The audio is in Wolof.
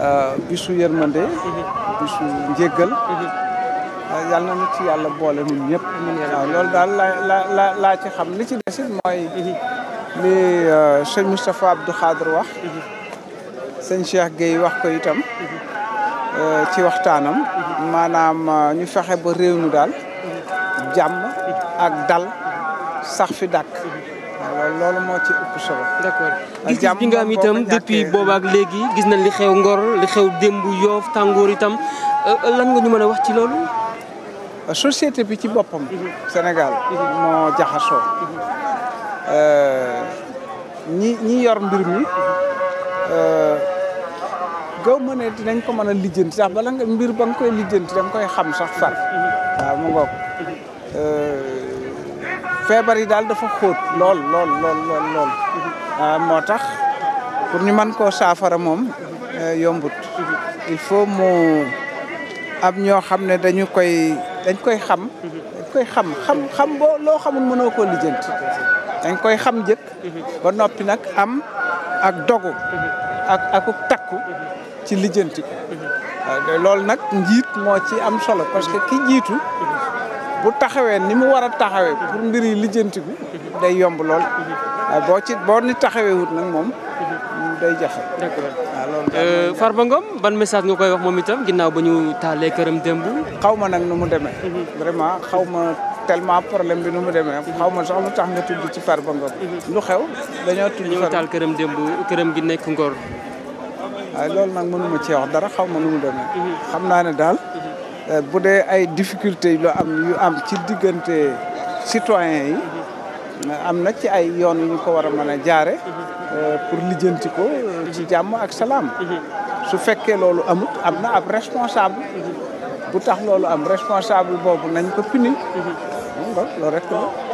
Euh, bisu yërmande bisu njéggal euh, yal na ci yàlla boole ñun ñëpp waaw daal la la laa ci xam li ci desit mooy li euh, sëñ Moustapha Abdou Khadr wax sëñ Cheikh Gueye wax ko itam ci waxtaanam maanaam ñu fexe ba réew mi daal jàmm ak dal sax fi dàkk waaw loolu moo ci ëpp solo. d'accord gis nga am itam depuis boobaak léegi gis nañ li xew Ngor li xew démb Yoof tàngoor itam euh, euh, lan nga ñu mën a wax ci loolu. Euh, société bi ci boppam. Mhm. Sénégal mhm. moo jaxasoo. Mhm. ñi ñi yor mbir mi. gaw ma ne dinañ ko mën a lijjanti sax bala nga mbir ba nga koy lijjanti da koy xam sax far. waaw mu ngoog. feebar yi daal dafa xóot lool lool lool lool ah, moo tax pour ñu man koo saafara moom eh, yombut il faut mu am ñoo xam ne dañu koy dañ koy xam dañ koy xam xam xam boo loo xamul mënoo koo lijjanti dañ koy xam jëkk ba noppi nag am ak dogu ak aku takku ci lijjanti ko ah, loolu nag njiit moo ci am solo parce que ki njiitu bu taxawee ni mu war a taxawee pour mbir yi lijjantiku day yomb lool waaye boo ci boo ni taxawee wut nag moom day jafe. d'accord waaw euh, Farba Ngom ban message nga koy wax moom itam ginnaaw ba ñu taalee këram démb. xaw ma nag nu mu demee. vraiment xaw ma tellement problème bi nu mu demee xaw ma sax lu tax nga tudd ci Farba Ngom. lu xew dañoo tudd. taal këram démb këram gi nekk Ngor. waaye loolu nag mënu ma wax dara xaw ma nu mu demee. xam naa ne daal. Euh, bu dee ay difficulté lu am yu am ci diggante citoyen yi am na ci ay yoon yu ñu ko war a mën a jaare euh, pour lijjanti ko euh, ci jàmm ak salaam su fekkee loolu amut am na ab responsable bu tax loolu am responsable boobu nañ ko pini loolu rek la